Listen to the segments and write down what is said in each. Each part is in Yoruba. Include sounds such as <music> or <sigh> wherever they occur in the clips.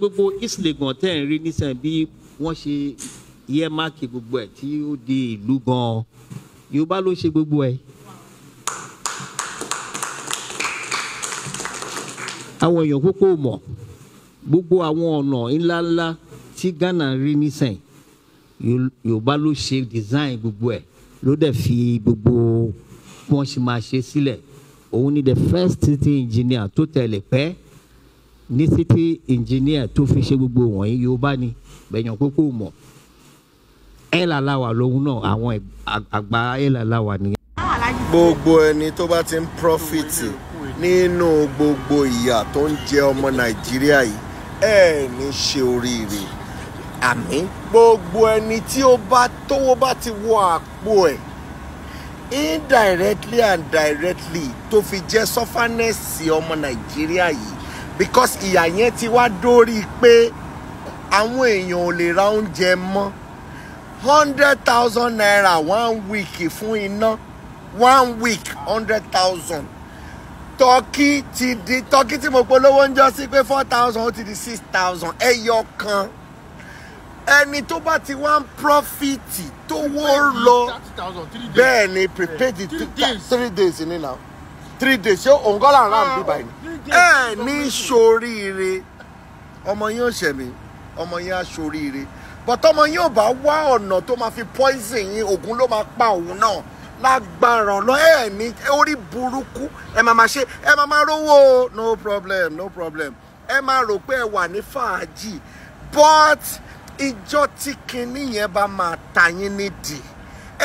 gbogbo ìsìlẹ̀ gan tẹ́ ń rí nísàn bí wọ́n ṣe yẹ máàkì gbogbo ẹ̀ tí ó di ìlú gan Yorùbá ló ṣe gbogbo ẹ̀. àwọn èèyàn kókó mọ̀ gbogbo àwọn ọ̀nà ńláńlá tí Ghana rí nísàn Yorùbá ló ṣe design gbogbo ẹ̀ ló dẹ̀ fi gbogbo wọ́n ṣe máa ṣe sílẹ̀ òun ni the first city engineer tó tẹ̀lé pẹ́ẹ́ ní city engineer tó fi ṣe gbogbo wọ̀nyí yorùbá ni bẹ̀yàn kókó mọ̀ ẹ̀ làláwà lòun náà àwọn àgbà ẹ̀ ni gbogbo ẹni tó bá ti ń prọ́fìtì nínú gbogbo ìyà tó ń jẹ ọmọ nàìjíríà yìí ẹ ní ṣe oríire àmì gbogbo ẹni tí ó bá tówó bá ti wọ àpò ẹ̀ indirectly and directly tó fi jẹ́ sọ́fánẹ́sì ọmọ nàìjíríà yìí because ìyà yẹn ti wá dórí pé àwọn èèyàn ò lè ra oúnjẹ mọ́ hundred thousand naira one week fún iná one week hundred thousand tọ́kì ti di tọ́kì tí mo polówó ń jọ sí pé four thousand ó ti di six thousand ẹyọ kan ẹni tó bá ti wá ń prọ́fìtì tó wó lọ bẹ́ẹ̀ ni prepaid three days in now three days ṣé òun kọ́ là ń rà ń bí báyìí ẹ ní ṣoríire ọmọ yín ò ṣẹ̀mí ọmọ yín á ṣoríire but ọmọ yín ò bá wá ọ̀nà tó máa fi poison yín ògùn ló máa pa òun náà lágbára ọ̀nà ẹ ní orí burúkú ẹ máa máa ṣe ẹ máa rówó no problem no problem ẹ máa rò pé ẹ wà ní fàájì but ìjọ tí kinní yẹn bá máa ta yín nídìí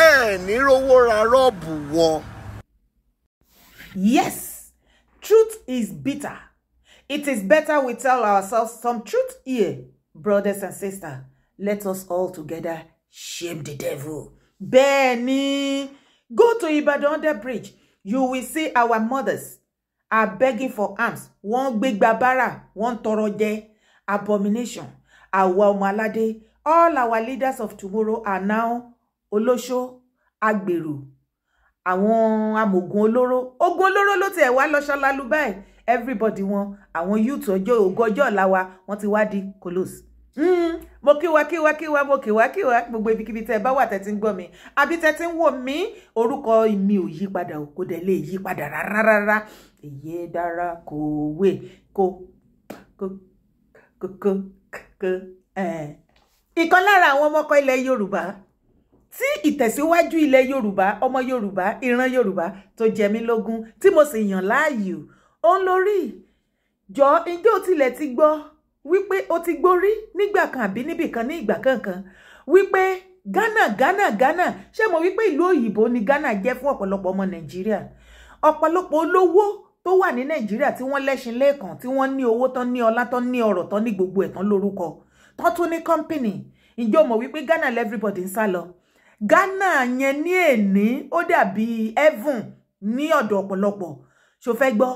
ẹ ní rówó ra rọ́ọ̀bù wọ. Yes, truth is bitter. It is better we tell ourselves some truth here. Brothers and sisters, let us all together shame the devil. Benny, go to Ibadan under bridge. You will see our mothers are begging for arms. One big bárà, one tọrọ abomination, Our malade, All our leaders of tomorrow are now olóṣó, Agberu àwọn amògùn olóró ogun olóró ló tiẹ̀ wá lọ ṣalalu báyìí everybody wọn àwọn youth ọjọ́ ògọjọ́ ọ̀la wa wọ́n ti wá di kolos hmm, mo kíwa kíwa kíwa mo kíwa kíwa gbogbo ibikíbi tẹ́ ẹ bá wà tẹ́ ti ń gbọ́ mi àbí tẹ́ ti ń wò mí orúkọ mi ò yí padà kò dẹ̀ lè yí padà rárá rárá èyí dára kò wé kò kò kò kò kò ẹ̀. ìkan lára àwọn ọmọkọ ilẹ̀ Yorùbá tí ìtẹ̀síwájú ilẹ̀ yorùbá ọmọ yorùbá ìran yorùbá tó jẹ mí lógún tí mo sì yàn láàyò òun lórí jọ ǹjẹ́ o tilẹ̀ ti gbọ́ wípé o ti gbórí nígbà kan àbí níbì kan ní ìgbà kankan wípé ghana ghana ghana ṣé mo wípé ìlú òyìnbó ni ghana jẹ́ fún ọ̀pọ̀lọpọ̀ ọmọ nàìjíríà ọ̀pọ̀lọpọ̀ olówó tó wà ní nàìjíríà tí wọ́n lẹ́ṣin lẹ́ẹ̀kan tí wọ́n ní owó tán ní ọlá tán ní ọ̀rọ̀ tán ní gbogbo ẹ̀ tán lórúkọ tán tún ní kọ́ńpìnì ǹjẹ́ o mọ̀ wípé ghana lẹ́fíríbọ̀dì ń sá lọ Ghana yẹn ní èní ó dàbí heaven ní ọ̀dọ̀ ọ̀pọ̀lọpọ̀ ṣó fẹ́ gbọ́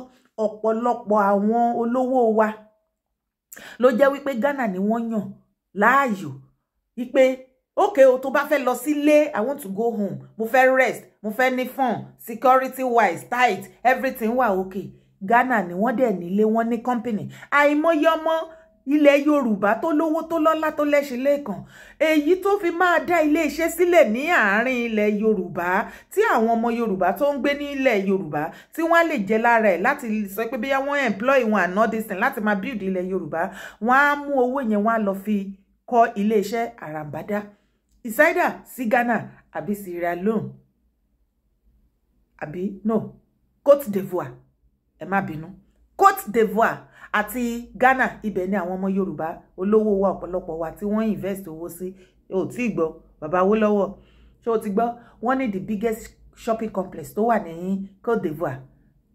ọ̀pọ̀lọpọ̀ àwọn olówó wa ló jẹ́ wípé Ghana ni wọ́n yàn láàyò wípé okay o tó bá fẹ́ lọ sílé I want to go home mo fẹ́ rest mo fẹ́ ní fun security wise tight everything wà okay Ghana ni wọ́n dẹ̀ nílé wọ́n ní company àìmọye ọmọ ilẹ̀ yorùbá tó lówó tó lọ́lá tó lẹ́ṣin lẹ́ẹ̀kan èyí tó fi máa dá iléeṣẹ́ sílẹ̀ ní àárín ilẹ̀ yorùbá tí àwọn ọmọ yorùbá tó ń gbé ní ilẹ̀ yorùbá tí wọ́n á lè jẹ lára ẹ̀ láti sọ pé bí wọ́n employ wọn and all this thing láti máa build ilẹ̀ yorùbá wọ́n á mú owó yẹn wọ́n á lọ fi kọ́ iléeṣẹ́ àràǹbádá ìsáídà sí ghana àbí sierra leone àbí no cote d'ivoire ẹ má bínú cote d'ivoire àti Ghana ibẹ̀ ni àwọn ọmọ Yorùbá olówó wa ọ̀pọ̀lọpọ̀ wa tí wọ́n invest owó sí ò tí gbọ́ bàbá owó lọ́wọ́ ṣé o ti gbọ́ wọ́n ní the biggest shopping complex tó wà ní Côte d'Ivoire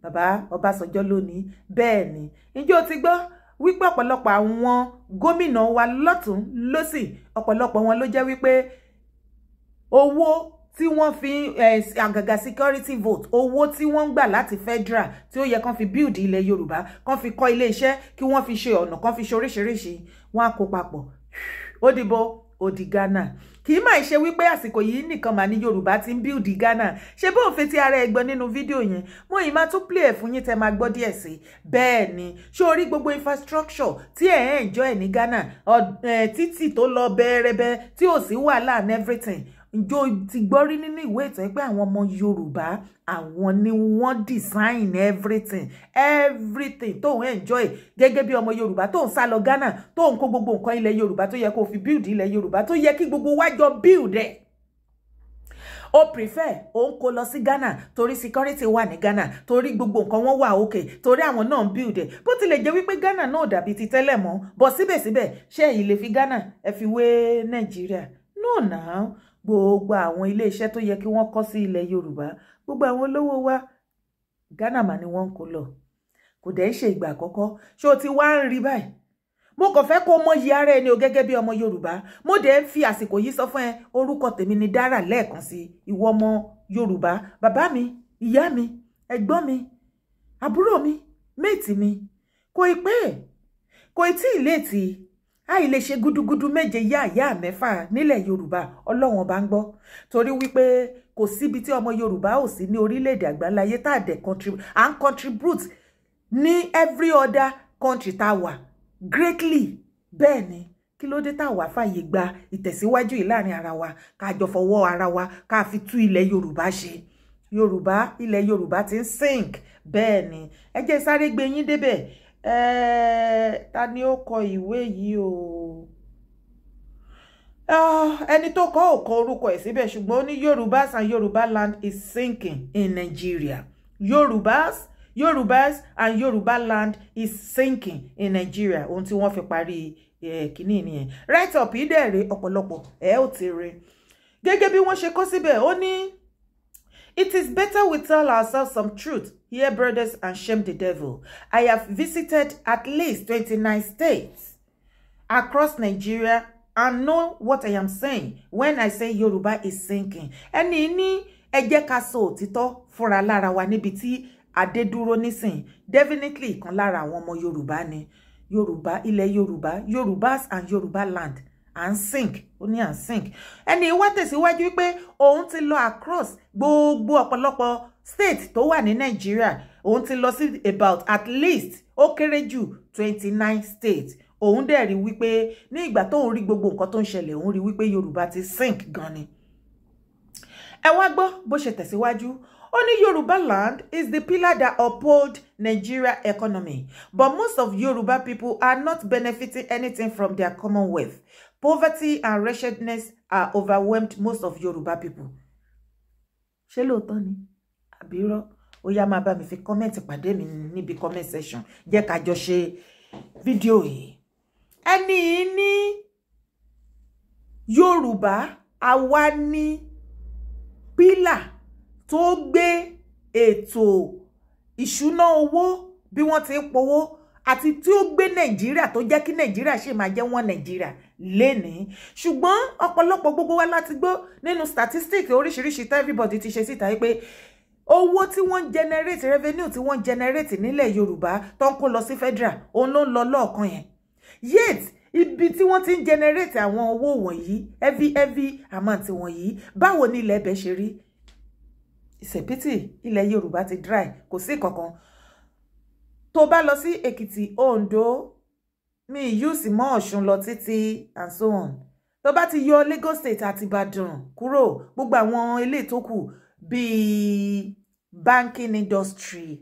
bàbá Ọbásanjọ́ lónìí bẹ́ẹ̀ ni ǹjẹ́ o ti gbọ́ wípé ọ̀pọ̀lọpọ̀ àwọn gómìnà wa lọ́tún lọ́sì ọ̀pọ̀lọpọ̀ wọn ló jẹ́ wípé owó tí wọ́n fi eh, àgàgà security vote owó tí wọ́n ń gbà láti federal tí ó yẹ kán fi build ilẹ̀ yorùbá kán fi kọ́ ilé iṣẹ́ kí wọ́n fi ṣe ọ̀nà kán fi ṣe oríṣiríṣi wọ́n á kó papọ̀ ó dìbò ó di ghana kì í máa ṣe wípé àsìkò yìí nìkan mà ní yorùbá ti ń build ghana ṣe bóun fi ti ara ẹ nínú fídíò yẹn mo yìí máa tún play ẹ fún yín tẹ máa gbọ́ díẹ̀ sí bẹ́ẹ̀ ni ṣé o gbogbo infrastructure tí ẹ enjoy ní ghana eh, títì tó lọ bẹ́ẹ̀rẹ́bẹ́ tí ò sí wàhálà and everything ǹjọ́ ti gbọ́ rí nínú ìwé ìtàn pé àwọn ọmọ Yorùbá àwọn ni wọ́n design everything everything tó enjoy gẹ́gẹ́ bí ọmọ Yorùbá tó ń sá lọ Ghana tó ń kó gbogbo nǹkan ilẹ̀ Yoruba. tó yẹ kó fi build ilẹ̀ Yoruba. tó yẹ kí gbogbo wájọ build ẹ̀ ó prefer òun kó lọ sí Ghana Tori security wà ní Ghana torí gbogbo nǹkan wọn wà okay? Tori àwọn náà ń build ẹ bó tilẹ̀ jẹ́ wípé Ghana náà dàbí ti tẹ́lẹ̀ mọ́ bọ̀ sibe ṣé èyí lè fi Ghana ẹ fi we Nigeria. no now gbogbo àwọn iléeṣẹ́ tó yẹ kí wọ́n kọ́ sí ilẹ̀ yorùbá gbogbo àwọn olówó wa ghana mà ni wọ́n ń kó lọ kò dẹ̀ ń ṣe ìgbà àkọ́kọ́ ṣé o ti wá ń rí báyìí mo kàn fẹ́ kó mọyì ara ẹni o gẹ́gẹ́ bí ọmọ yorùbá mo dẹ̀ ń fi àsìkò yìí sọ fún ẹ orúkọ tèmi ni dára lẹ́ẹ̀kan sí ìwọ ọmọ yorùbá bàbá mi ìyá mi ẹ̀gbọ́n mi àbúrò mi méètì mi kò ì pé kò ì tí ì léètì àì lè ṣe gúdúgúdú meje ya ya mefa nílẹ̀ yorùbá ọlọ́run ọba ń gbọ́ torí wípé kò síbi omo Yoruba o ò sí ní orílẹ̀-èdè de contribute and contribute ni every other country tá a greatly beni ni kí ló dé tá a wà fàyè gba ìtẹ̀síwájú yìí láàrin ara wa ká jọ fọwọ́ ara wa ká fi tú ilẹ̀ yorùbá ṣe yorùbá ilẹ̀ yorùbá ti sink bẹ́ẹ̀ ni ẹ jẹ́ sáré gbé Eh, ta ni ó kọ ìwé yìí o ah, ẹni tó kọ ò kọ orúkọ ẹ̀ síbẹ̀ ṣùgbọ́n ó ní yorùbás and yorùbá land is sinking in nigeria yorùbás yorùbás and yorùbá land is sinking in nigeria ohun tí wọ́n fi parí eh, kínní nìyẹn write up yìí dẹ̀ rè ọ̀pọ̀lọpọ̀ ẹ̀ ò ti rè gẹ́gẹ́ bí wọ́n ṣe kọ síbẹ̀ ó ní it is better we tell ourselves some truth Hear, brothers, and shame the devil. I have visited at least 29 states across Nigeria and know what I am saying when I say Yoruba is sinking. Ẹni ni eje kaso tito sọ òtítọ́ fúnra lára wa níbi tí adé Definitely ìkan lára àwọn ọmọ Yorùbá ni. Yoruba ilẹ̀ Yorùbá Yorùbás and Yoruba land and sink ó ní à ń sink. Ẹni wá tẹ̀síwájú pé òun ti lọ across bo bo ọ̀pọ̀lọpọ̀ state tó wà ní Nigeria, òun ti lọ sí about at least ó kéré jù twenty nine states òun dẹ̀ rí wípé ní ìgbà tóun rí gbogbo nǹkan tó ń ṣẹlẹ̀ òun rí wípé yorùbá ti sink gan ni ẹ wá gbọ́ bó ṣe tẹ̀síwájú ó ní yorùbá land is the pillar that uphold nigeria economy but most of yorùbá people are not benefiting anything from their commonwealth poverty and wretchedness are overwhelmed most of yorùbá people ṣé lóòótọ́ ni àbí rọ́ ó yá máa bá mi fi kọ́mẹ́ǹtì pàdé mi níbi comment section jẹ́ ká jọ ṣe fídíò yìí ẹni ní Yorùbá àwa ní pílà tó gbé ètò ìṣúná owó bí wọ́n ti ń powó àti tí ó gbé nàìjíríà tó jẹ́ kí nàìjíríà ṣe máa jẹ́ wọn nàìjíríà lénìí ṣùgbọ́n ọ̀pọ̀lọpọ̀ gbogbo wa láti gbọ́ nínú statistics oríṣiríṣi tí everybody ti ṣe síta pé owó tí wọ́n ń generate revenue tí wọ́n generate nílẹ̀ yorùbá tó ń kó lọ sí federal òun ló ń lọ lọ́ọ̀kan yẹn yet ibi tí wọ́n ti ń generate àwọn owó wọ̀nyí heavy heavy amount wọ̀nyí báwo ni ilẹ̀ ẹbẹ̀ ṣe rí ìsèpìtì ilẹ̀ yorùbá ti dry kò sí kankan tó bá lọ sí èkìtì ondo mi yúùsì mọ́ ọ̀ṣun lọ títí and so on tó bá ti yọ lagos state àti ìbàdàn kúrò gbogbo àwọn ilé tó kù bíi banking industry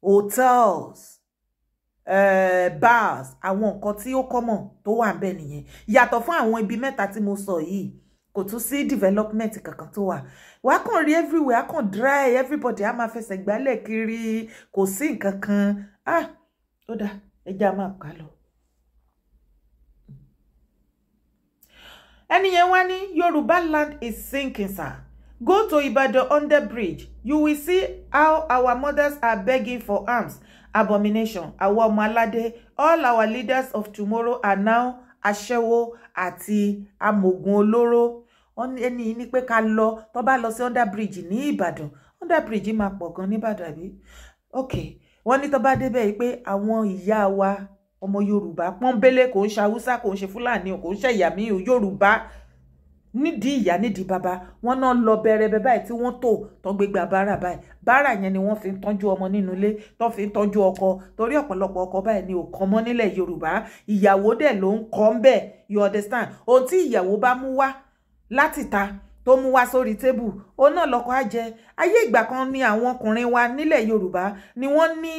hotels uh, bars àwọn nǹkan tí ó kọ́mọ̀ tó wà ń bẹ̀ nìyẹn yàtọ̀ fún àwọn ibi mẹ́ta tí mo sọ yìí kò tún sí development kankan tó wà wà kàn rí everywhere á kàn dry everybody á máa fẹsẹ̀ gbálẹ̀ kiri kò sí nǹkan kan ah ó dà ẹja máa kà lọ. ẹni yẹn wá ní Yorùbá land is sinking sir Go to Ibadan under bridge. You will see how our mothers are begging for arms. Abomination. Our malade. All our leaders of tomorrow are now Ashewo, Ati, amògùn olóró. Wọ́n ní ní pé lo lọ tó bá lọ under bridge ni Ìbàdàn. Under bridge máa pọ̀ gan ní Ìbàdàn àbí? Ok. Wọ́n ní tó bá débẹ̀ yìí pé àwọn ìyá wa ọmọ Yorùbá pọ́nbélé kò ń ṣe Haúsá kò ń ṣe Fúlàní kò ń ṣe ìyàmí nídìí ìyá nídìí bàbá wọn náà lọ bẹ̀rẹ̀ bẹ báyìí tí wọ́n tò tó gbégbá bára báyìí bára yẹn ni wọ́n fi ń tọ́jú ọmọ nínú ilé tó fi ń tọ́jú ọkọ torí ọ̀pọ̀lọpọ̀ ọkọ báyìí ni ò kàn mọ́ nílẹ̀ Yorùbá ìyàwó dẹ̀ ló ń kọ́ ń bẹ̀ you understand ohun tí ìyàwó bá mú wá láti ta tó mú wá sórí tébù òun náà lọ́kọ á jẹ ayé ìgbà kan ni àwọn ọkùnrin wa nílẹ̀ Yorùbá ni wọ́n ní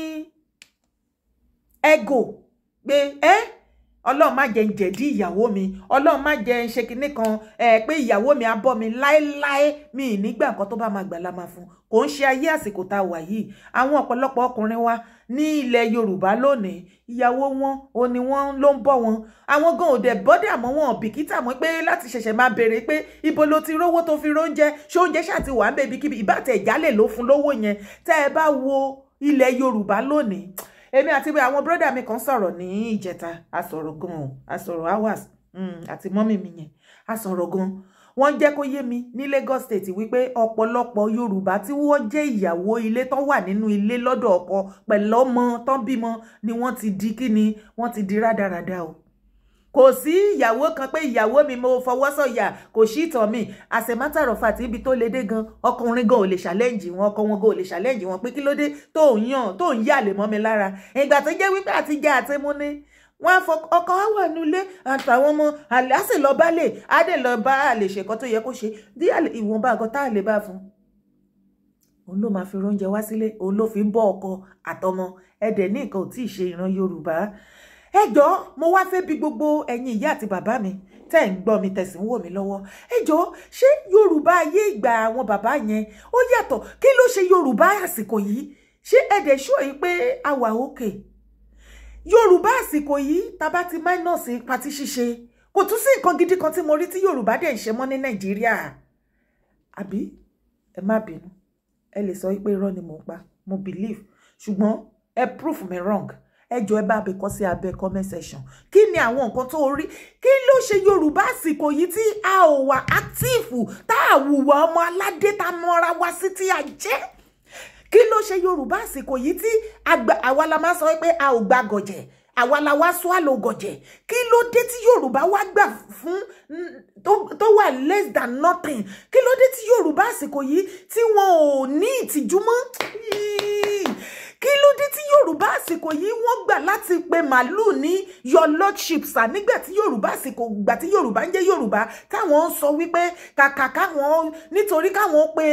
ego pé ẹ́ eh? ọlọ́run má jẹ́ ń jẹ̀dí ìyàwó mi ọlọ́run má jẹ́ ń ṣe kinní kan ẹ pé ìyàwó mi á bọ́ mi láéláé mi ì nígbà nǹkan tó bá máa gbà la fún kò ń ṣe ayé àsìkò tá a wà yìí àwọn ọ̀pọ̀lọpọ̀ ọkùnrin wa ní ilẹ̀ yorùbá lónìí ìyàwó wọn ò ní wọn ló ń bọ́ wọn àwọn gan òde bọ́dẹ̀ àmọ́ wọn bìkítà mọ́ pé láti ṣẹ̀ṣẹ̀ máa béèrè pé ibo lo ti rówó tó fi róúnjẹ ṣé oúnjẹ ṣàti wà ń bèbí kíbi ìbátẹ̀ ìjálè ló fún lówó yẹn tẹ́ ẹ bá wo ilẹ̀ yorùbá lónìí èmi àti àwọn bírọ́dà mi kan sọ̀rọ̀ ní ìjẹta a sọ̀rọ̀ gan-an a sọ̀rọ̀ hours hmm, àti mọ́mì mi yẹn a gan-an wọ́n jẹ́ kó yé mi ní Lagos State wípé ọ̀pọ̀lọpọ̀ Yorùbá tí wọ́n jẹ́ ìyàwó ilé tán wà nínú ilé lọ́dọ̀ ọkọ pẹ̀lú ọmọ tán bímọ ni wọ́n ti di kíni wọ́n ti di rádaràda o kò sí ìyàwó kan pé ìyàwó mi mo fọwọ́ sọ̀yà kò sí ìtàn mi as a matter of fact ibi tó lè dé gan ọkùnrin gan ò lè challenge wọn ọkọ wọn gan ò lè challenge wọn pé kí ló dé tó ń yàn tó ń yàlè mọ́ mi lára ìgbà tó jẹ́ wípé àti jẹ́ àtẹ́mú ni wọn á fọ ọkọ á wà nulẹ̀ àtàwọn ọmọ àlè á sì lọ bá lè á dẹ̀ lọ bá àlè ṣèkọ́ tó yẹ kó ṣe bí ìwọ̀nba àgọ́ tá àlè bá fún òun ló máa fi oúnjẹ wá sílé òun ló fi ń bọ́ ọkọ àtọmọ ẹ dẹ̀ ní nǹkan ò tí ì ṣe ìran Yorùbá ẹ jọ̀ọ́ mo wá fẹ́ bí gbogbo ẹ̀yin ìyá àti bàbá mi tẹ́ ń gbọ́ mi tẹ̀sí ń wò mí lọ́wọ́ ẹ jọ̀ọ́ ṣé yorùbá ayé ìgbà àwọn bàbá yẹn ó yàtọ̀ kí ló ṣe yorùbá àsìkò yìí ṣé ẹ̀dẹ̀ ṣó yìí pé a wà òkè yorùbá àsìkò yìí tàbá ti máínọ̀sì patí ṣíṣe kò tún sí nǹkan gidi kan tí mo rí tí yorùbá dẹ̀ ń ṣe mọ́ ní nàìjíríà àbí ẹ má bínú ẹ lè sọ pé irọ́ ni mò pa mo believe ṣùgbọ́n ẹ proof me wrong ẹ jọ̀ọ́ ẹ bá mi kọ sí abẹ́ comment section kí ni àwọn nǹkan tó rí kí ló ṣe yorùbá àsìkò yìí tí a ò wà átíìfù tá a wùwà ọmọ aládé tá a mọra wá sí tí a jẹ́ kí ló ṣe yorùbá àsìkò yìí tí àwa la máa sọ pé a ò gba gọ̀jẹ̀ àwa la wá swallow gọ̀jẹ̀ kí ló dé tí yorùbá wá gbà fún tó wà less than nothing kí ló dé tí yorùbá àsìkò yìí tí wọn ò ní ìtìjú mọ́ kí ló dé tí yorùbá àsìkò yìí wọ́n gbà láti pe màálùú ní your lordship sà nígbà tí yorùbá àsìkò gbà tí yorùbá ń jẹ́ yorùbá káwọn ń sọ wípé kàkà káwọn nítorí káwọn pe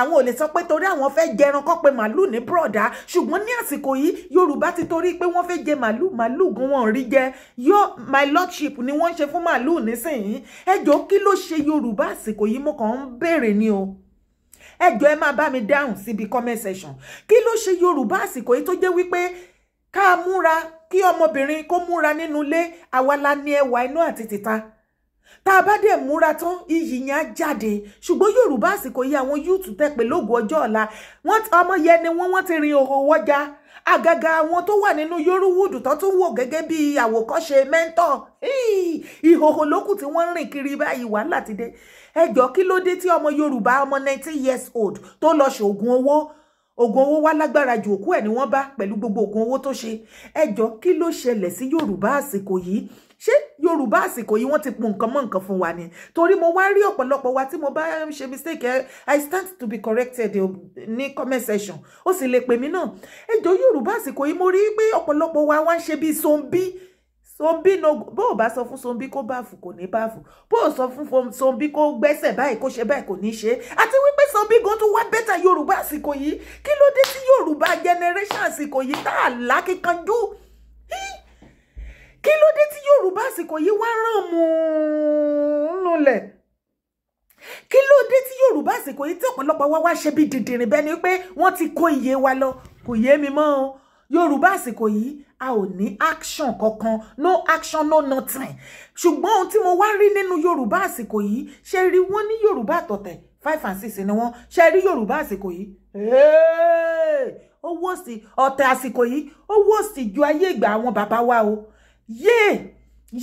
àwọn ò lè sọ pé torí àwọn fẹ́ jẹran kọ́ pe màálùú ní broda ṣùgbọ́n ní àsìkò yìí yorùbá ti torí pé wọ́n fẹ́ jẹ màálùú màálùú gan wọn rí jẹ yọ my lordship ni wọ́n ń ṣe fún màálùú nísìnyí ẹjọ́ kí ló ṣe yorùbá àsìkò yìí mo kàn ń béèrè ni o ẹjọ́ ẹ máa bá mi dáhùn síbi comment section kí ló ṣe yorùbá àsìkò yìí tó jẹ́ wípé ká múra kí ọmọbìnrin kó múra nínú ilé àwa la ní ẹwà inú àti títa tá a bá dẹ̀ múra tán iyì yẹn á jáde ṣùgbọ́n yorùbá àsìkò yìí àwọn yúùtù tẹ̀pẹ̀ lóògùn ọjọ́ ọ̀la wọ́n ọmọ yẹn ni wọ́n wọ́n ti rin òhò wọ́jà àgàgà àwọn tó wà nínú yorùwúdù tó tún wò gẹ́gẹ́ bí àwòkọ́ṣe mẹ́ńtọ̀ ìhòhò lókù tí wọ́n ń rìn kiri báyìí wàhálà ti dé ẹjọ́ kí ló dé tí ọmọ Yorùbá ọmọ nineteen years old tó lọ ṣoògùn owó oògùn owó wá lágbára ju òkú ẹ̀ ni wọ́n bá pẹ̀lú gbogbo oògùn owó tó ṣe ẹjọ́ kí ló ṣẹlẹ̀ sí Yorùbá àsìkò yìí ṣé yorùbá àsìkò yìí wọ́n ti pun nǹkan mọ́ nǹkan fún wa ni torí mo wá rí ọ̀pọ̀lọpọ̀ wa tí mo bá ń ṣe mistake i stand to be corrected eh, ní comment section ó sì lè pè mí náà ẹjọ́ yorùbá àsìkò yìí mo rí pé ọ̀pọ̀lọpọ̀ wa wá ń ṣe bí zombi sombi no bó o bá sọ fún sombi kó báàfù kò ní báàfù bó o sọ fún sombi kó gbẹ́sẹ̀ báyìí kó ṣe báyìí kò ní ṣe àti wípé sombi gan tún wá bẹ́tà yorùbá àsìkò yìí kí ló dé tí yorùbá generation àsìkò yìí tá a lákìkanjú kí ló dé tí yorùbá àsìkò yìí wá ràn mú un kí ló dé tí yorùbá àsìkò yìí tí ọ̀pọ̀lọpọ̀ wá wá ṣe bí dìndìnrín bẹ́ẹ̀ pé wọ́n ti kó iye wa lọ kò yé mi mọ́ o Yoruba àsìkò yi, a ò ní action kankan no action no nothing ṣùgbọ́n ohun mo wá rí nínú Yoruba àsìkò yi. ṣe rí wọ́n ní yorùbá àtọ̀tẹ̀ five and six ni wọ́n ṣe rí yorùbá àsìkò yìí ó wò sí ọ̀tẹ̀ àsìkò yìí ó wò sí ju ayé ìgbà won baba wa o ye.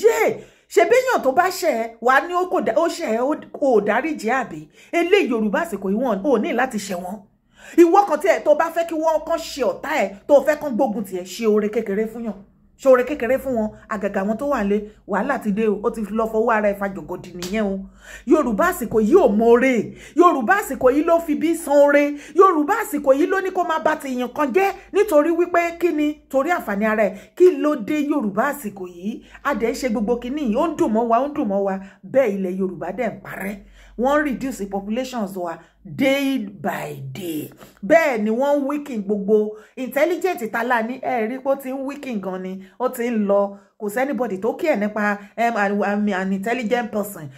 yéè ṣebéyàn tó bá ṣẹ̀ ẹ́ wàá ní ó ṣẹ̀ ẹ́ ó dáríjì àbí eléyìí Yoruba àsìkò yi wọn ò ní lati se wọ́n ìwọ kan tiẹ̀ tó bá fẹ́ kí wọ́n kàn ṣe ọ̀tá ẹ̀ tó fẹ́ kàn gbógun tiẹ̀ ṣe oore kékeré fún yàn ṣe oore kékeré fún wọn àgàgà wọn tó wà lé wàhálà ti de o ó ti lọ fọwọ́ ara ẹ̀ fa jògòdì nìyẹn o yorùbá àsìkò yìí ò mọ̀ọ́rẹ́ yorùbá àsìkò yìí ló fi bí san oore yorùbá àsìkò yìí ló ní kó má bà ti yàn kan jẹ́ nítorí wípé kí ni torí àǹfààní ara ẹ̀ kí ló dé yorùbá àsìkò yìí adẹ̀ ṣe gbogbo kìíní ó ń dùn wa ó ń dùn wa bẹ́ẹ̀ ilẹ̀ yorùbá dẹ̀ ń parẹ́ wọ́n reduce the populations wa day by day bẹ́ẹ̀ ni wọ́n ń weaken gbogbo intelligent ìtàlá ní ẹ̀rí pé ó ti ń weaken gan ni ó ti ń lọ kò sẹ́nibọ̀dì tó kí ẹ̀ nípa an intelligent person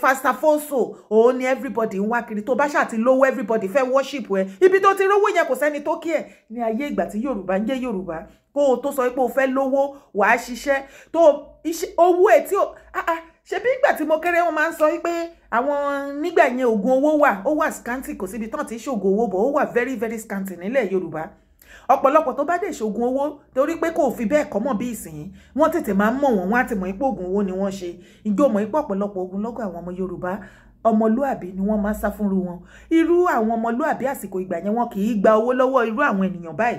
fastafoso òun ni everybody ń wá kiri tó bá ṣáà ti lówó everybody fẹ́ worship ẹ ibi tó ti rówó yẹn kò sẹ́ni tó kí ẹ̀ ní ayé ìgbà tí Yorùbá ń jẹ́ Yorùbá kó o tó sọ pé o fẹ́ lówó wàá ṣiṣẹ́ tó owó ẹ̀ tí o ah ah ṣebí ìgbà tí mo kéré wọn máa ń sọ wípé àwọn nígbà yẹn oògùn owó wà ó wà scanty kò síbi tán ti ṣoògùn owó bọ̀ ó wà very very scanty nílẹ̀ yorùbá ọ̀pọ̀lọpọ̀ tó bá dé ṣoògùn owó torí pé kò fi bẹ́ẹ̀ kọ́ mọ̀ bí ìsìn wọ́n tètè máa ń mọ̀ wọ́n wọ́n á ti mọ̀ ipò oògùn owó ni wọ́n ṣe ìjọ mọ̀ ipò ọ̀pọ̀lọpọ̀ oògùn lọ́gọ̀ àwọn ọmọ yorùbá ọmọlúàbí ni wọ́n máa sá fúnru wọn irú àwọn ọmọlúàbí àsìkò ìgbà yẹn wọn kì í gba owó lọ́wọ́ irú àwọn ènìyàn báyìí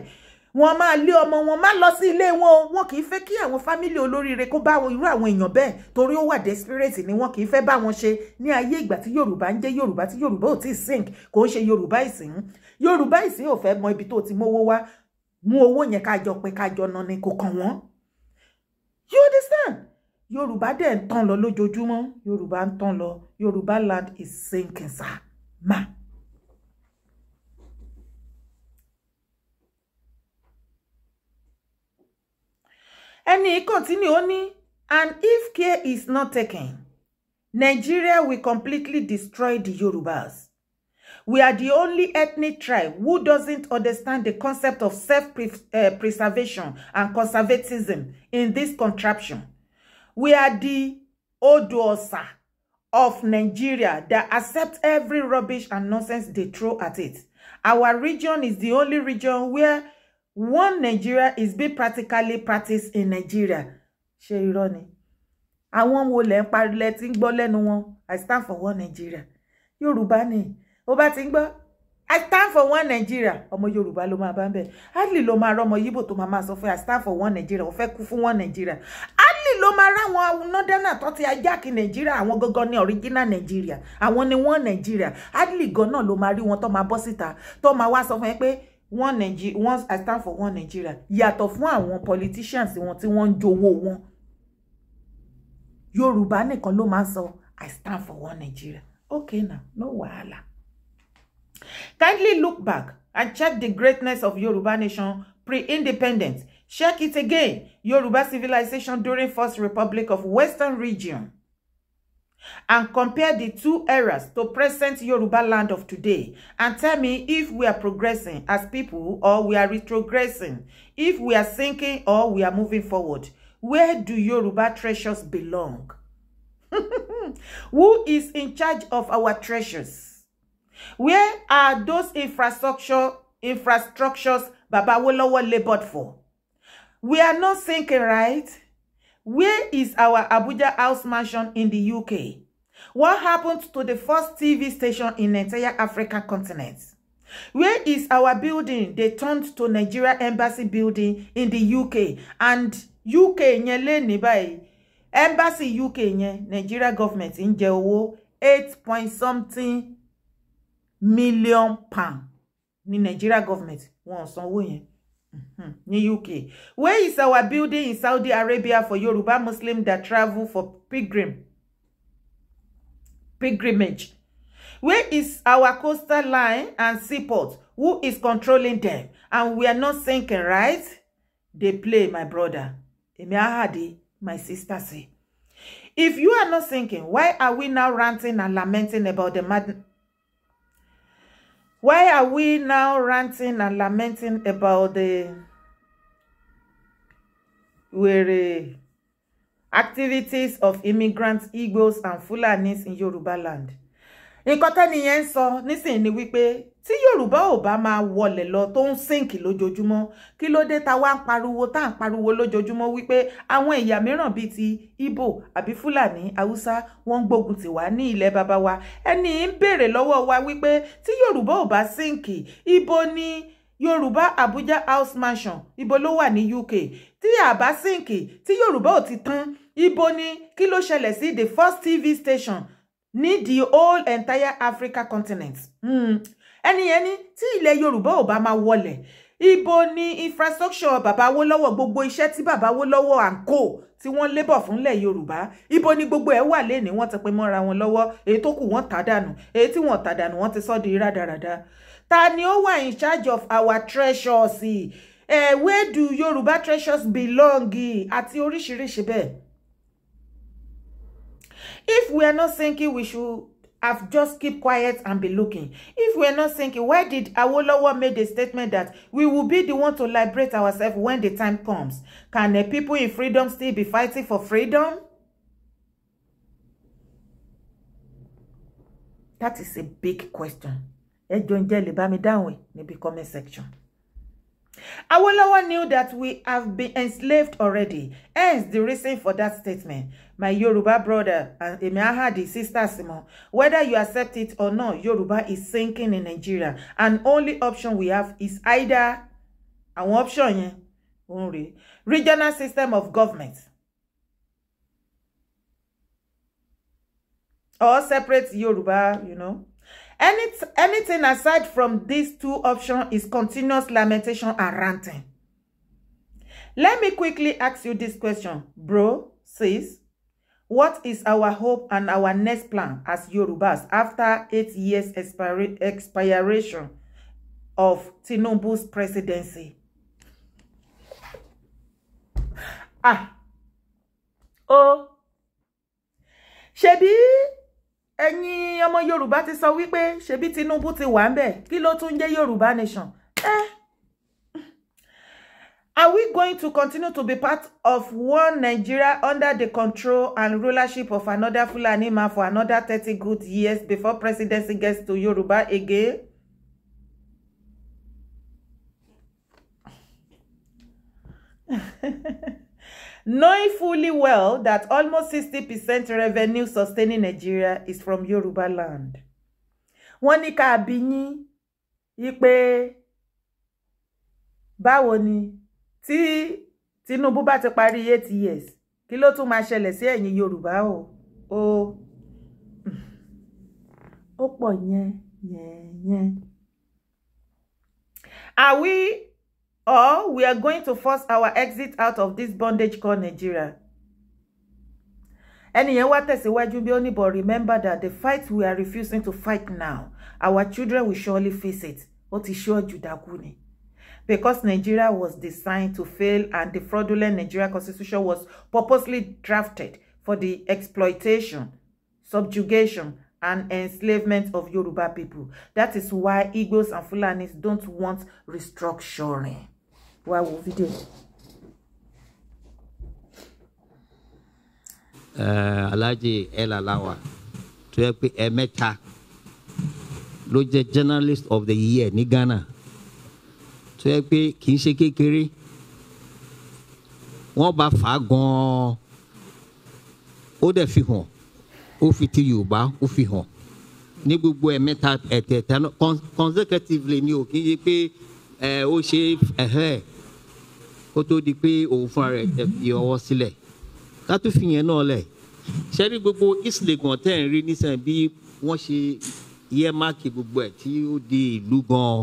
wọn máa lé ọmọ wọn má lọ sí ilé wọn wọn kì í fẹ́ kí àwọn fámílì olóríire kó bá irú àwọn èèyàn bẹ́ẹ̀ torí ó wà desperate ni wọn kì í fẹ́ bá wọn ṣe ní ayé ìgbà tí yorùbá ń jẹ́ yorùbá tí yorùbá ò tí sink kò ń ṣe yorùbá ìsìn yorùbá ìsìn ò fẹ́ mọ ibi tó ti mówó wá mú owó yẹn kájọ pé kájọ ná ni kò kàn wọ́n you understand yorùbá dẹ̀ ń tán lọ lójoojúmọ́ yorùbá ń tán lọ yorùbá land is sinking sa ma. ẹni continue ó ní and if care is not taken Nigeria will completely destroy the Yorubas. We are the only ethnic tribe who doesn't understand the concept of self-preservation eh, uh, and conservatism in this contraption. We are the Oduosa of Nigeria that accept every rubbish and nonsense they throw at it. Our region is the only region where one Nigeria is being practically practiced in Nigeria ṣe irọ́ ni àwọn wo lẹ́ ń parilẹ̀ tí ń gbọ́ lẹ́nu wọn I stand for one Nigeria Yorùbá ni ó bá ti ń gbọ́ I stand for one Nigeria ọmọ Yorùbá ló máa bá ń bẹ̀ hardly ló máa rọmọ Yíbò tó máa máa sọ fún I stand for one Nigeria ó fẹ́ kú fún one Nigeria hardly ló máa ráwọn nọ́dẹ́nà tó ti ajáàkì Nàìjíríà àwọn gangan ní original Nigeria àwọn ni one Nigeria hardly gan náà ló máa rí wọn tó máa bọ́ síta tó máa wá sọ fún ẹ pé one Nigeria once I stand for one Nigeria yàtọ̀ fún àwọn politicians wọn tí wọ́n ń jowó wọn Yorùbá nìkan ló máa ń sọ I stand for one Nigeria okay now no wahala kindly look back and check the greatness of Yoruba nation pre-independence check it again Yoruba civilization during First Republic of Western Region and compare the two eras to present Yoruba land of today and tell me if we are progressing as people or we are retrogressing, if we are sinking or we are moving forward. Where do Yoruba treasures belong? <laughs> Who is in charge of our treasures? Where are those infrastructure infrastructures Baba Wolowo labored for? We are not sinking, right? Where is our Abuja house mansion in the UK? What happened to the first TV station in entire African continent? Where is our building they turned to Nigeria embassy building in the UK and UK yẹn lé ní embassy UK yẹn Nigeria government ń jẹ owó eight point something million pound ni Nigeria government wọn ò wo yẹn Hmm. ní UK where is our building in Saudi Arabia for Yoruba Muslim that travel for pilgrim pilgrimage where is our coastal line and seaport who is controlling them and we are not sinking right they play my brother Emi Ahadi my sister say if you are not sinking why are we now ranting and lamenting about the mad why are we now ranting and lamenting about the were activities of immigrants, Igbos and Fulanis in Yoruba land nǹkan tẹ́niyẹn ń sọ nísìnyí ni wípé tí yorùbá ò bá máa wọlé lọ tó ń sínkì lójoojúmọ́ kí ló dé ta wá ń pariwo tá à ń pariwo lójoojúmọ́ wípé àwọn ẹ̀yà mìíràn bíi ti ibo àbí fúlàní haúsá wọ́n ń gbógun tì wá ní ilẹ̀ baba wa ẹni ń béèrè lọ́wọ́ wa wípé tí yorùbá ò bá sínkì ibo ni yorùbá abuja house mansion ibo ló wà ní uk tí àbá sínkì tí yorùbá ò ti tán ibo ni kí ló ṣẹlẹ̀ sí the first tv station ní the whole entire africa continent. Mm ẹni yẹn ní tí ilẹ̀ yorùbá ò bá máa wọlẹ̀ ibo ni infrastructure bàbá Awólọ́wọ̀ gbogbo iṣẹ́ tí bàbá Awólọ́wọ̀ and co tí wọ́n lébọ̀ fúnlẹ̀ yorùbá ibo ni gbogbo ẹ̀ wà léèní wọ́n ti pin mọ́ra wọn lọ́wọ́ èyí tó kù wọ́n tà dànù èyí tí wọ́n tà dànù wọ́n ti sọ di rádaràda ta ni ó wà in charge of our treasures eh, where do yorùbá treasures belong àti oríṣiríṣi bẹ́ẹ̀ if we are not thinking we should have just keep quiet and be looking. If we're not thinking, why did Awolowo made a statement that we will be the one to liberate ourselves when the time comes? Can the people in freedom still be fighting for freedom? That is a big question. Ẹ jọ̀ọ́ ǹjẹ́ lè down mi dáhùn níbi comment section. Awolowo knew that we have been enslaved already. Hence the reason for that statement. My Yoruba brother and Emehadi sister Simon, whether you accept it or not, Yoruba is sinking in Nigeria. And only option we have is either our option yẹn òun regional system of government or separate Yoruba, you know, Any, anything aside from these two options is continuous lamentation and ranting. Let me quickly ask you this question. Bro, sis, what is our hope and our next plan as Yorubas after eight years expir expiration of Tinubu's presidency? Ah, oh, Shebi ẹ̀yin ọmọ yorùbá ti sọ wípé ṣebí tinubu ti wà ń bẹ̀ kí ló tún jẹ́ yorùbá nation eh. Are we going to continue to be part of one Nigeria under the control and rulership of another Fulani man for another thirty good years before presidency gets to Yoruba <laughs> again? Knowing fully well that almost 60% revenue sustaining Nigeria is from Yoruba land. Wọ́n ní ká bi yín wípé báwo ni tí Tinubu bá ti parí eight years kí ló tún máa ṣẹlẹ̀ sí ẹ̀yin Yorùbá o o ó pọ̀ yẹn yẹn yẹn. Are we or we are going to force our exit out of this bondage called Nigeria. Ẹnìyẹn wá tẹ̀síwájú bí ó but remember that the fight we are refusing to fight now, our children will surely face it. What is ṣíwájú dákú Because Nigeria was designed to fail and the fraudulent Nigeria constitution was purposely drafted for the exploitation, subjugation, and enslavement of Yoruba people. That is why Igbos and Fulanis don't want restructuring wá wo fídíò yẹn. Eh, Alhaji elalawa tó yẹ pé ẹ̀mẹ́ta ló jẹ́ journalist of the year ní Ghana tó yẹ pé kì í ṣe kékeré wọ́n bá fà á gan-an ó dẹ̀ fi hàn ó fi ti Yorùbá ó fi hàn ní gbogbo ẹ̀mẹ́ta ẹ̀tẹ̀ẹ̀ta consecutively ni ò kì í ṣe pé eh, ó ṣe ẹ̀hẹ́ kó tó di pé òun fúnra rẹ̀ ẹ fi ọwọ́ sílẹ̀ ká tún fi yẹn náà lẹ̀ ṣe rí gbogbo ìsìlẹ̀gàn tẹ́ ń rí nísìnyí bí wọ́n ṣe yẹ máàkì gbogbo ẹ̀ tí ó di ìlú gan-an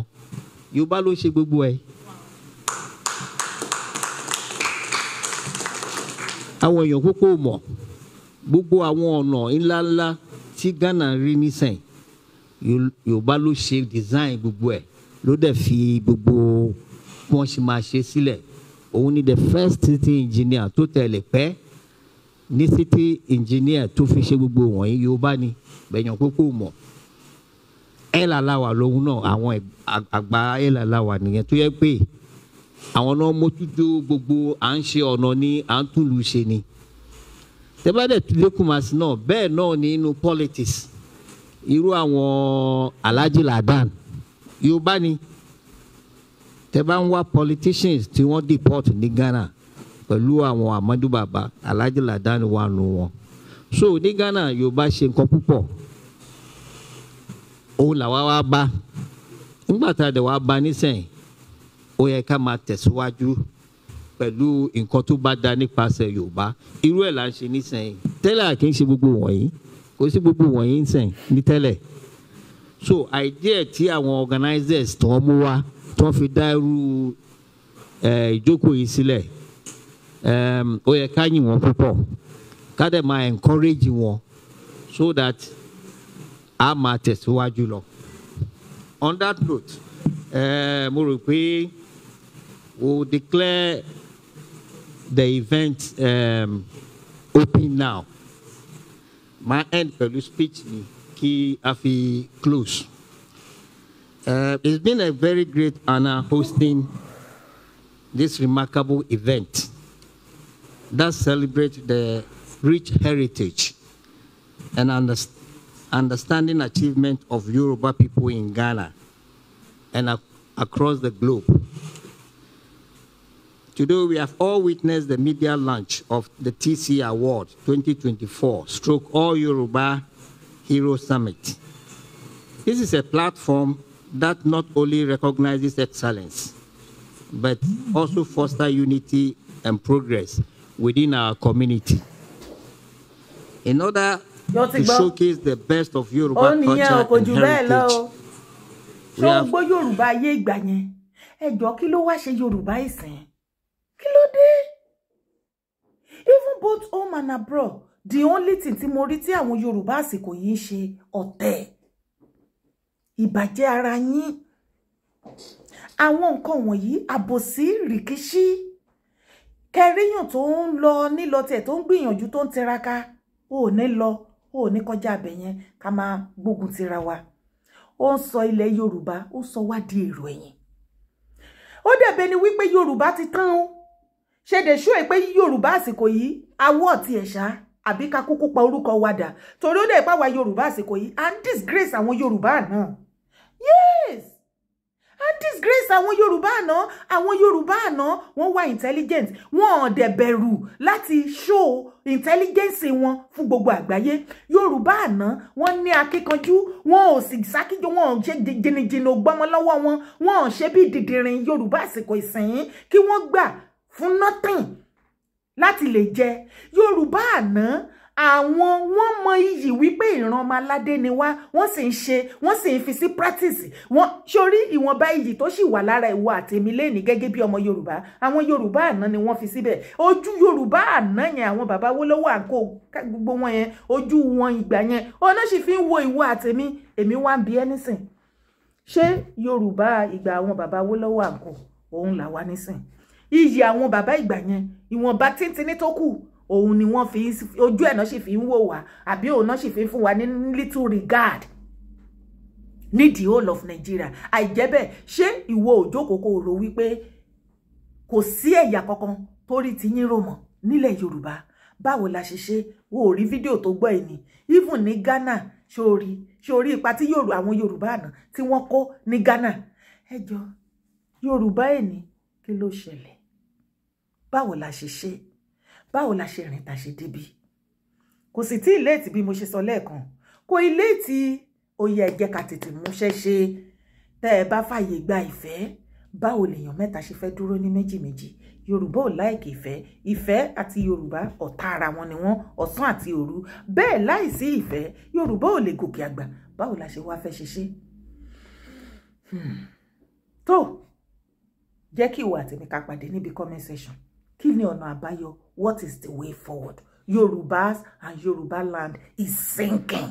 Yorùbá ló ṣe gbogbo ẹ̀. àwọn èèyàn púpọ̀ mọ̀ gbogbo àwọn ọ̀nà ńláńlá tí Ghana rí nísìnyí Yorùbá ló ṣe design gbogbo ẹ̀ ló dẹ̀ fi gbogbo wọ́n ṣe máa ṣe sílẹ̀ òun ni the first city engineer tó tẹ̀lé pẹ́ ní city engineer tó fi ṣe gbogbo wọ̀nyí yorùbá ni bẹ̀yàn kókó mọ̀ ẹ̀làláwà lòun náà àwọn àgbà ẹ̀làláwà nìyẹn tó yẹ pé àwọn náà mójútó gbogbo à ń ṣe ọ̀nà ni à ń túlù ṣe ni tẹ́bàdẹ̀ tulé náà bẹ́ẹ̀ náà ní inú politics irú àwọn Alhaji Ladan yorùbá ni. No, tẹ bá ń wá politicians tí wọ́n deport ní Ghana pẹ̀lú àwọn Amadu Baba Alhaji Ladani wà nù wọn so ní Ghana Yorùbá ṣe nǹkan púpọ̀ òun làwa wá bá nígbà tá a dẹ̀ wá bá nísìnyí ó yẹ ká máa tẹ̀síwájú pẹ̀lú nǹkan tó bá da nípasẹ̀ Yorùbá irú ẹ̀ là ń ṣe nísìnyí tẹ́lẹ̀ kì í ṣe gbogbo wọ̀nyí kò sí gbogbo wọ̀nyí nísìnyí ní tẹ́lẹ̀ so idea tí àwọn organizers tó ń mú wá tó fi dá irú ìjókòó yìí sílẹ̀ ó yẹ ká yìn wọ́n púpọ̀ ká dẹ̀ máa encourage wọn so that a máa tẹ̀síwájú lọ. on that note mo rò pé we will declare the event um, open now. my end pẹ̀lú speech mi kí a fi close. Uh, it's been a very great honor hosting this remarkable event that celebrates the rich heritage and underst understanding achievement of Yoruba people in Ghana and across the globe. Today, we have all witnessed the media launch of the TC Award 2024 Stroke All Yoruba Hero Summit. This is a platform that not only recognizes excellence, but also foster unity and progress within our community. In order to showcase the best of Yoruba culture and heritage, we have... Yorùbá ayé ìgbà yẹn ẹjọ́ kí ló wá ṣe Yorùbá ìsìn kí ló dé even both home and abroad the only thing tí mo rí tí àwọn Yorùbá àsìkò yìí ń ṣe ọ̀tẹ̀ ìbàjẹ́ ara yín àwọn nǹkan wọ̀nyí àbòsí rìkíṣí kẹríyàn tó ń lọ nílọ tẹ̀ tó ń gbìyànjú tó ń tiraka ò ní lọ ò ní kọjá abẹ yẹn ká máa gbógun tira wa ó ń sọ ilẹ̀ yorùbá ó sọ wá di èrò ẹ̀yìn ó dẹ̀bẹ̀ ni wípé yorùbá ti tán o ṣe dẹ̀ ṣó ẹ pé yorùbá àsìkò yìí awọ́ ọ̀tí ẹ̀ṣá àbí ká kúkú pa orúkọ wa torí ó dẹ̀ pàwà yorùbá àsìkò yìí and disgrace àwọn yorùbá náà yes and disgrace àwọn yorùbá àná àwọn yorùbá àná wọ́n wá intelligent wọ́n ò dẹ̀ bẹ̀rù láti show intelligence wọn fún gbogbo àgbáyé yorùbá àná wọ́n ní akíkanjú wọ́n ò sì sákíjọ wọ́n ò ṣe jìnnìjìnnì ògbọmọ lọ́wọ́ wọn wọ́n ò ṣe bí dìdìrín yorùbá àsìkò ìsìn kí wọ́n gbà fún nothing láti lè jẹ yorùbá àná àwọn wọn mọ iyì wípé ìran ọmọ aládé ni wá wọn sì ń ṣe wọ́n sì ń fi sí practice wọn sórí ìwọ̀nba iyì tó sì wà lára ìwọ àtẹ̀mí lẹ́ni gẹ́gẹ́ bí ọmọ yorùbá àwọn yorùbá àná ni wọ́n fi síbẹ̀ ojú yorùbá àná yẹn àwọn bàbá wólọ́wọ́ àǹkó gbogbo wọn yẹn ojú wọn ìgbà yẹn ọ̀nà sì fi ń wo ìwọ àtẹ̀mí èmi wá ń bi ẹ́ nísìn ṣé yorùbá ìgbà àwọn bàbá wólọ́wọ́ àǹkó òun làwa nísìn iyì àwọn bàbá ìgbà yẹn ìwọ̀nba tíntínní òun ni wọ́n fi ojú ẹ̀ sì fi ń wò wá àbí òun náà sì fi ń fún wa ní little regard ní the whole of Nigeria àìjẹ́bẹ̀ ṣé ìwọ òjókòó kò rò wípé kò sí ẹ̀yà kankan torí ti yín rò mọ́ nílẹ̀ Yorùbá báwo la ṣe ṣe wo ò rí fídíò tó gbọ́ ẹni even ní Ghana ṣorí ṣorí ipa tí àwọn Yorùbá àná tí wọ́n kó ní Ghana ẹjọ́ Yorùbá ẹni kí ló ṣẹlẹ̀ báwo la ṣe ṣe báwo la ṣe rìn ta ṣe débi kò sì tí ì léètì bí mo ṣe sọ lẹ́ẹ̀kan kò ì léètì ó yẹ ẹ̀jẹ̀ ká tètè múṣẹ́ ṣe tẹ́ ẹ bá fààyè gba ìfẹ́ báwo lèèyàn mẹ́ta ṣe fẹ́ dúró ní méjì méjì yorùbá ò láìkè ìfẹ́ ìfẹ́ àti yorùbá ọ̀tá ara wọn ni wọ́n ọ̀sán àti òru bẹ́ẹ̀ láìsí ìfẹ́ yorùbá ò lè gòkè àgbà báwo la ṣe wá fẹ́ ṣe ṣe. Hmm. tó jẹ́ kí ìwà àtẹ̀mí ká pàdé níbi comment section kí ni ọ̀nà àbáyọ what is the way forward yorùbás and yorùbá land is sinking.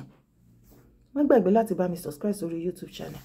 má gbàgbé láti bá mi subscribe sórí youtube channel